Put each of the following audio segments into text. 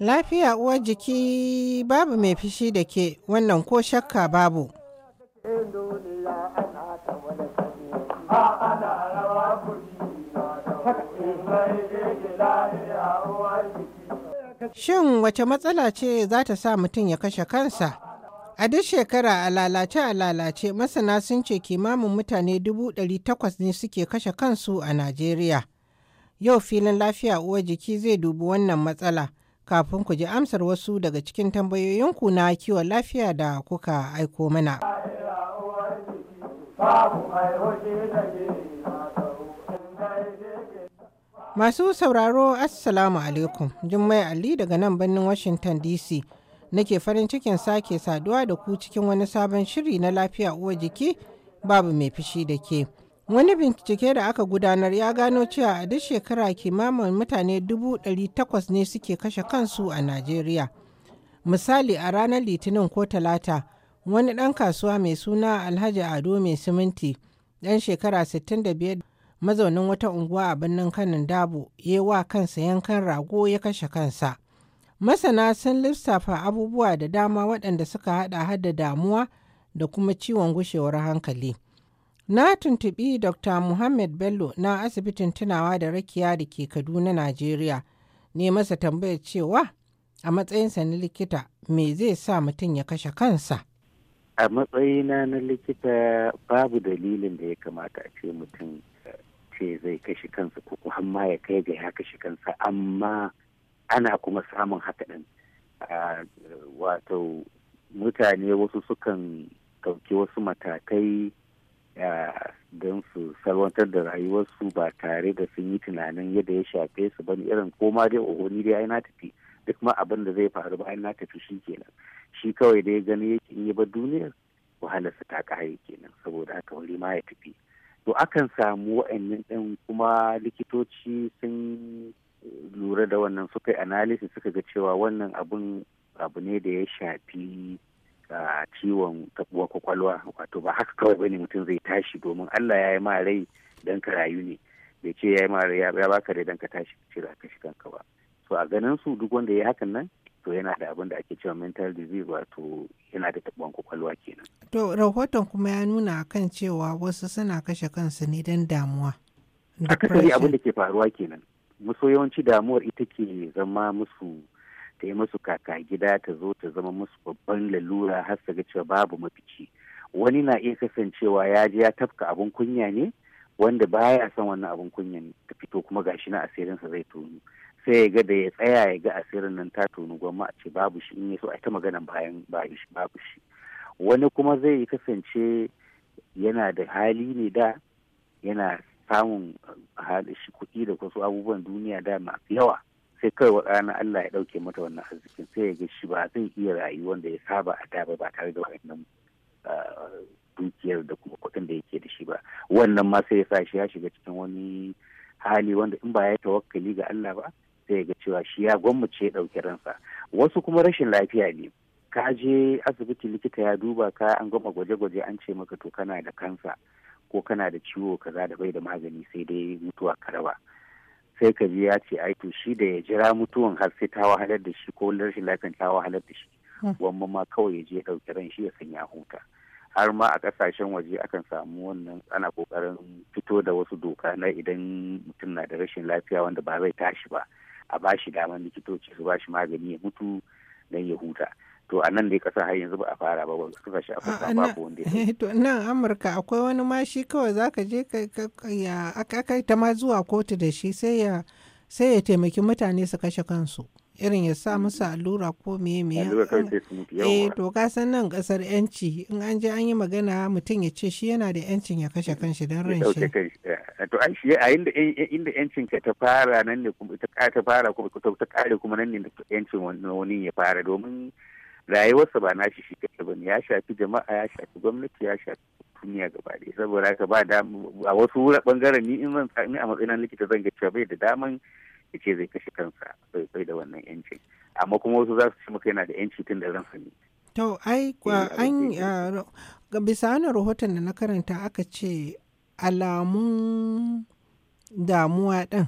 Lafiya uwar jiki babu mai fishi da ke wannan ko shakka babu. Shin wace matsala ce za ta sa mutum ya kashe kansa? A duk shekara a lalace a lalace masana sun ce kimamin mutane dubu ɗari takwas ne suke kashe kansu a Najeriya. Yau filin lafiya uwa jiki zai dubi wannan matsala kafin ku ji amsar wasu daga cikin tambayoyinku na kiwon lafiya da kuka aiko mana. Masu sauraro Assalamu alaikum, Jummai Ali daga nan birnin Washington DC. nake farin cikin sake saduwa da ku cikin wani sabon shiri na lafiya uwa jiki babu mai fushi da ke. Wani bincike da aka gudanar ya gano cewa a duk shekara kimanin mutane 800 ne suke kashe kansu a Najeriya. Misali a ranar Litinin ko Talata, wani ɗan kasuwa mai suna Alhaji Ado mai siminti, ɗan shekara 65 mazaunin wata unguwa a birnin kanin Dabo, ya wa kansa yankan rago ya kashe kansa. Masana sun lissafa abubuwa da dama waɗanda suka haɗa hada damuwa da kuma ciwon gushewar hankali. Na tuntuɓi Dr. Muhammad Bello na asibitin tunawa da rakiya da ke Kaduna, Najeriya, ne masa tambayar cewa a matsayinsa na likita me zai sa mutum ya kashe kansa? A matsayina na likita babu dalilin da ya kamata a ce mutum eh, ce zai kashe kansa ko kuma ya kai ga ya kashe kansa amma ana kuma samun haka ɗin wato mutane wasu sukan ɗauki wasu matakai don su salwantar da rayuwarsu ba tare da sun yi tunanin yadda ya shafe su ba irin koma dai oho ni dai na tafi duk ma abin da zai faru ba na tafi shi kenan shi kawai dai gani yake yi ba duniyar wahalar su ta kare kenan saboda haka wuri ma ya tafi to akan samu wa'annan ɗin kuma likitoci sun lura da wannan suka yi analysis suka ga cewa wannan abun abu ne da ya shafi ciwon tabuwa kwakwalwa wato ba haka kawai bane mutum zai tashi domin Allah ya yi ma rai dan ka rayu ne bai ce ya yi ma rai ya baka rai dan ka tashi ce za ka shi kanka ba so a ganin su duk wanda ya yi hakan nan to yana da abin da ake cewa mental disease wato yana da tabuwan kwakwalwa kenan to rahoton kuma ya nuna kan cewa wasu suna kashe kansu ne dan damuwa abin da ke faruwa kenan musu yawanci damuwar ita ke zama musu ta yi musu kaka gida ta zo ta zama musu babban lalura har su ga cewa babu mafici wani na iya kasancewa ya je ya tafka abin kunya ne wanda baya son wannan abin kunyan ta fito kuma gashi na asirin sa zai tonu sai ya ga da ya tsaya ya ga asirin nan ta tonu gwamma a ce babu shi in ya so a ta maganan bayan babu shi wani kuma zai kasance yana da hali ne da yana samun uh, shi kuɗi da wasu abubuwan duniya da masu yawa sai kai wa ranar Allah ya ɗauke mata wannan arzikin sai ya ga shi ba zai iya rayuwar da ya saba a da ba tare da wannan uh, dukiyar da kuma kuɗin da yake da shi ba wannan ma sai ya sa shi ya shiga cikin wani hali wanda in ba ya tawakkali ga Allah ba sai ya ga cewa shi ya gwammace ya ɗauki ransa wasu kuma rashin lafiya ne ka je asibiti likita ya duba ka an gama gwaje-gwaje an ce maka to kana da kansa ko kana da ciwo kaza da bai da magani sai dai mutuwa ka sai ka ji ya ce ai to shi da ya jira mutuwan har sai ta wahalar da shi ko rashin lafiyan ta wahalar da shi hmm. wamma ma kawai ya je ya ɗauki ran shi ya sanya huta har ma a kasashen waje akan samu wannan ana kokarin fito da wasu doka na idan mutum na da rashin lafiya wanda ba zai tashi ba a bashi daman likitoci su ba shi magani ya mutu don ya huta to a nan dai kasa har yanzu ba a fara ba wanda suka shi afirka babu wanda ya to nan amurka akwai wani ma shi kawai ka je ya aka ta ma zuwa kotu da shi sai ya sai ya taimaki mutane su kashe kansu irin ya sa musu allura ko meye meye eh to ka san nan kasar yanci in an je an yi magana mutum ya ce shi yana da yancin ya kashe kanshi don ran shi eh, eh, to ai shi a inda inda yancin ka ta fara nan ne kuma ta fara kuma ta kare kuma nan ne yancin wani ya fara domin rayuwarsa ba nashi shi ba ne ya shafi jama'a ya shafi gwamnati ya shafi duniya gaba ɗaya saboda haka ba da a wasu bangaren ni in zan ni a matsayin likita zan ga cewa bai da daman ya ce zai kashe kansa bai bai da wannan yancin amma kuma wasu za su ce maka yana da yanci tun da ransa ne to ai an ah, bisa rahoton da na karanta aka ce alamun damuwa ɗin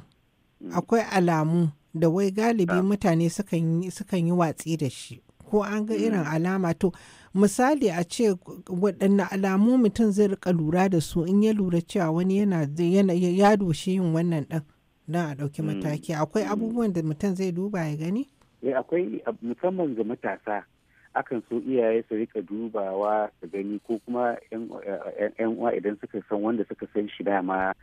mm. akwai alamu da wai galibi ah. mutane sukan yi watsi da shi ko an ga irin mm. alama to misali a ce waɗanne alamu mutum zai rika lura da su in ya lura cewa wani yana ya doshi yin wannan ɗan don a ɗauki mm. mataki akwai mm. abubuwan da mutum zai duba ya gani? Eh, akwai musamman ga matasa akan so iyaye su rika dubawa su gani ko kuma yan uwa idan suka san wanda suka san shi dama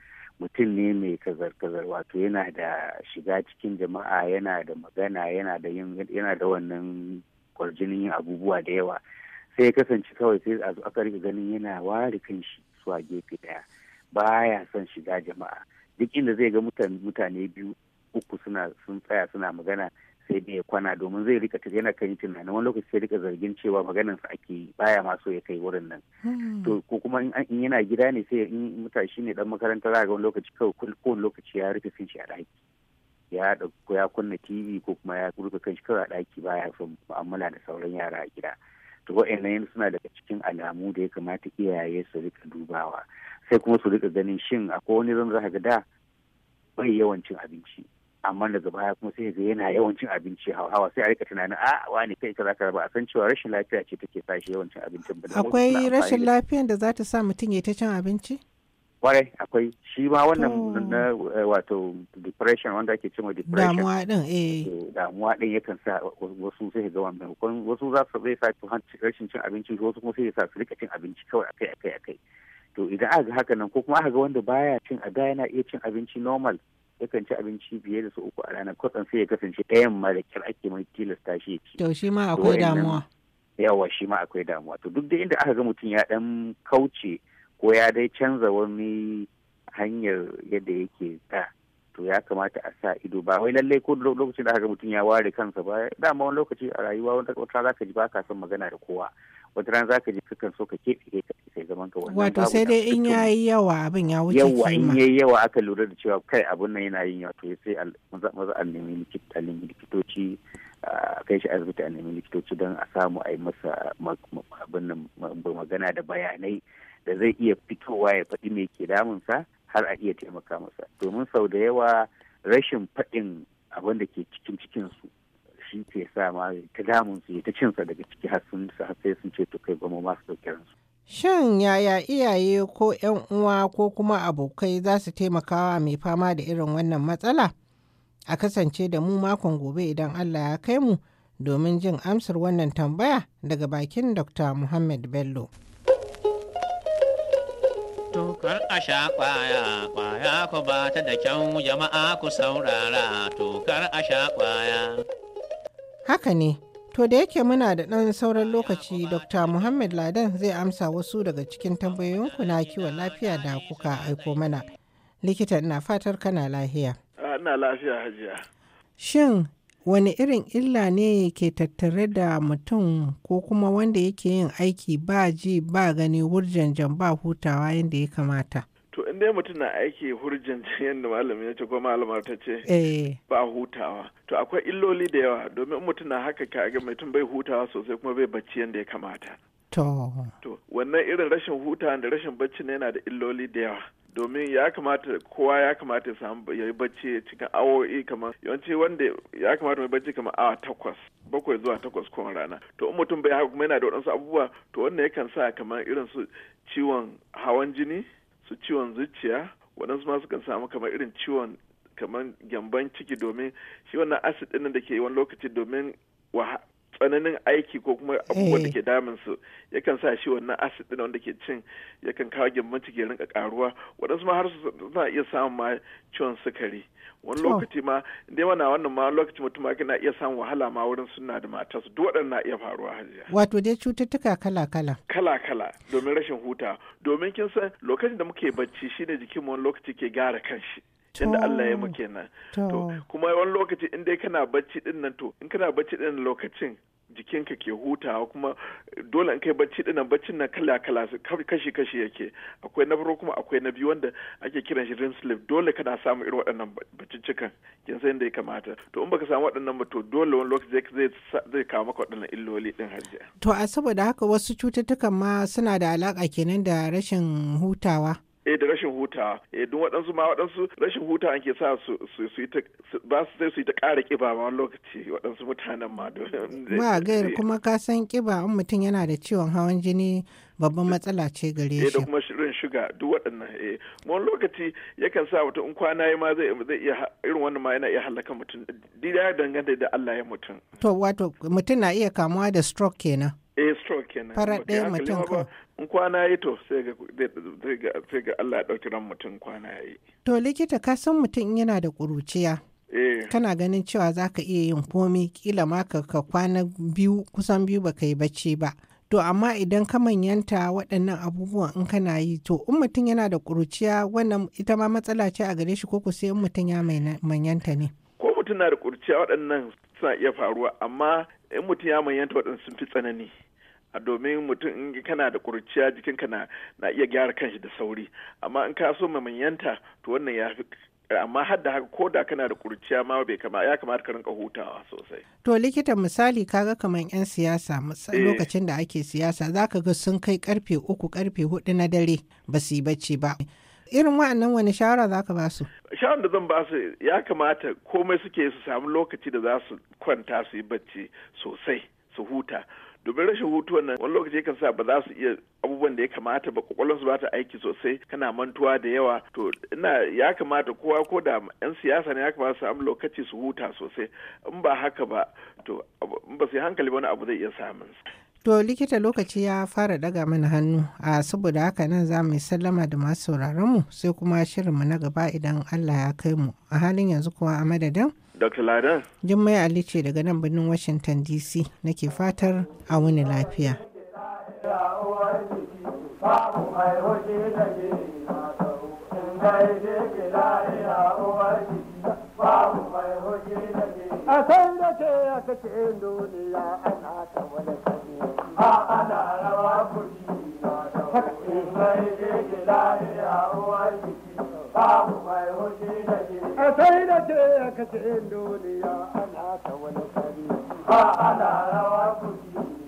mutum ne mai kazar-kazar wato yana da shiga cikin jama'a yana da magana yana da wannan kwarjinin yin abubuwa da yawa sai ya kasance kawai sai a zo aka rika ganin yana ware kan shi zuwa gefe daya baya son shiga jama'a duk inda zai ga mutane biyu uku suna sun tsaya suna magana sai da ya kwana domin zai rika tafiya yana kan tunanin wani lokaci sai rika zargin cewa maganar sa ake yi baya ma so ya kai wurin nan hmm. to ko kuma in yana gida ne sai in mutashi ne dan makaranta za ga wani lokaci kawai kowane lokaci ya rufe kan shi a daki ya ɗauko ya kunna tv ko kuma ya rufe kan shi kawai a ɗaki baya son mu'amala da sauran yara a gida to wa'annan suna daga cikin alamu da ya kamata iyaye su rika dubawa sai kuma su rika ganin shin akwai wani zan za ga da bai yawan cin abinci amma daga baya kuma sai ga yana yawan cin abinci hawa sai a rika tunanin a wani kai ka zaka ba a san cewa rashin lafiya ce take sa shi yawan cin abincin akwai rashin lafiyan da za ta sa mutum ya ta cin abinci kwarai akwai shi ma wannan oh. na eh, wato depression wanda ake cewa depression damuwa din eh. eh damuwa din yakan sa wasu sai ga wannan wasu za su zai sa rashin cin abinci wasu kuma sai sa su rika cin abinci kawai akai akai akai to idan aka ga haka nan ko kuma aka ga wanda baya cin a da yana iya cin abinci normal yakan ci abinci biye da su uku a ranar kwatsan sai ya kasance ɗayan ma da ake mai tilasta shi ci to shi ma akwai damuwa yawa shi ma akwai damuwa to duk da inda aka ga mutum ya dan kauce ko ya dai canza wani hanyar yadda yake da to ya kamata a sa ido ba wai lallai ko lokacin da aka mutum ya ware kansa ba dama wani lokaci a rayuwa wata wata za ka ji ba ka son magana da kowa wata rana za ka ji kakan so ka keɓe ka sai zaman ka wannan wato sai dai in ya yi yawa abin ya wuce yawa in ya yi yawa aka lura da cewa kai abin nan yana yin yawa to sai maza a nemi likitoci a kai shi asibiti a nemi likitoci don a samu a yi masa abin nan magana da bayanai da zai iya fitowa ya faɗi mai ke damunsa har a iya taimaka masa domin sau da yawa rashin faɗin abin da ke cikin cikinsu shi ke sa ma ta damunsu ya ta cinsa daga ciki har sun sai sun ce to kai goma masu ɗauki ransu. Shin yaya iyaye ko 'yan uwa ko kuma abokai za su taimakawa mai fama da irin wannan matsala? A kasance da mu makon gobe idan Allah ya kai mu domin jin amsar wannan tambaya daga bakin Dr. Muhammad Bello. Tukar a sha kwaya, kwaya ku ba da kyau jama'a ku saurara, tukar a sha kwaya. Haka ne, to da yake muna da ɗan sauran lokaci Dr. Muhammad Ladan zai amsa wasu daga cikin tambayoyinku na kiwon lafiya da kuka aiko mana. Likita ina fatar kana lahiya. Ah, ina lafiya hajiya. Shin wani irin illa ne ke tattare da mutum ko kuma wanda yake yin aiki ba ji ba gani wurjanjan ba hutawa yadda ya kamata to inda mutum na aiki hurjanjan yadda malamin ya ce ko malamar ta ce eh. ba hutawa to akwai illoli da yawa domin mutum na haka kaga mutum bai hutawa sosai kuma bai bacci yadda ya kamata To. wannan irin rashin hutawa da rashin bacci ne yana da illoli da yawa. domin ya kamata kowa ya kamata ya yi bacci cikin awo'i kamar yawanci wanda ya kamata mai bacci kamar awa takwas bakwai zuwa takwas kowane rana to in mutum bai haka kuma yana da waɗansu abubuwa to wannan yakan sa kamar irin su ciwon hawan jini su ciwon zuciya waɗansu masu kan samu kamar irin ciwon kamar gyamban ciki domin shi wannan asid ɗin da ke wani lokaci domin tsananin aiki ko kuma abubuwan da eh. ke damun su yakan sa shi wannan acid din wanda ke cin yakan kawo gyamman ciki rinka karuwa waɗansu ma har su na iya samun ma ciwon sukari wani lokaci ma dai na wannan ma lokaci mutum ma na iya samun wahala ma wurin suna da matar su duk na iya faruwa hajiya wato dai cututtuka kala kala kala kala domin rashin huta domin kin san lokacin da muke bacci shine jikin wani lokaci ke gyara kanshi inda Allah ya muke nan. To, kuma wani lokaci in dai kana bacci din nan to, in kana bacci din lokacin jikinka ke hutawa kuma dole in kai bacci dinnan baccin na kala kala kashi kashi yake akwai na farko kuma akwai na biyu wanda ake kiran shi rin sleep dole kana samu irin waɗannan baccicikan kin san yadda ya kamata to in baka samu waɗannan ba to dole wani lokaci zai zai kawo maka waɗannan illoli din hajjia to a saboda haka wasu cututtukan ma suna da alaka kenan da rashin hutawa eh da rashin huta eh duk waɗansu ma waɗansu rashin huta an ke sa su su ta ba su sai su ta ƙara ƙiba ma lokaci waɗansu mutanen ma ba gair kuma ka san ƙiba in mutum yana da ciwon hawan jini babban matsala ce gare shi eh da kuma shirin shuga duk waɗannan eh wani lokaci yakan sa mutum in kwana ma zai iya irin wannan ma yana iya halaka mutum dida ya danganta da Allah ya mutum to wato mutum na iya kamuwa da stroke kenan eh stroke kenan farar mutum ko in kwana yi to sai ga Allah ɗauki ran mutum kwana yi to likita ka san mutum yana da ƙuruciya eh. kana ganin cewa za ka iya yin komai kila ma ka kwana biyu kusan biyu baka yi bacci ba to amma idan ka manyanta waɗannan abubuwan in kana yi to in mutum yana da ƙuruciya wannan ita ma matsala ce a gare shi ko ku sai in mutum ya manyanta ne ko mutum na da ƙuruciya waɗannan suna iya faruwa amma in mutum ya manyanta waɗanda sun fi tsanani a domin mutum in kana da ƙuruciya jikinka na na iya gyara kanshi da sauri amma in ka so manyanta to wannan ya fi amma har da haka ko da kana da ƙuruciya ma bai kama ya kamata ka rinka hutawa sosai. To likita misali kaga kamar 'yan siyasa eh. lokacin da ake siyasa zaka ga sun kai karfe uku karfe hudu na dare ba su yi bacci ba. irin wa'annan wani shawara za ka ba su? Shawarar da zan ba su ya kamata komai suke su samu lokaci da za su kwanta su yi bacci sosai su huta. domin rashin hutu wannan wani lokaci kan sa ba za su iya abubuwan da ya kamata ba su ba ta aiki sosai kana mantuwa da yawa to ina ya kamata kowa ko da yan siyasa ne ya kamata su samu lokaci su huta sosai in ba haka ba to ba su yi hankali wani abu zai iya samun To likita lokaci ya fara daga mana hannu a saboda haka nan za mu sallama da masu sauraronmu sai kuma shirin mu na gaba idan Allah ya kai mu. A halin yanzu kuwa a madadin? Dr. Ladan. Jummai Ali ce daga nan birnin Washington DC nake fatar a wani lafiya. Babu a kai da ke ya kace duniya ana ta wani kare a ana rawa kuri na da wani mai jiki lahiya uwar jiki babu mai hoji da ke a kai da ke ya kace duniya ana ta wani kare a ana rawa kuri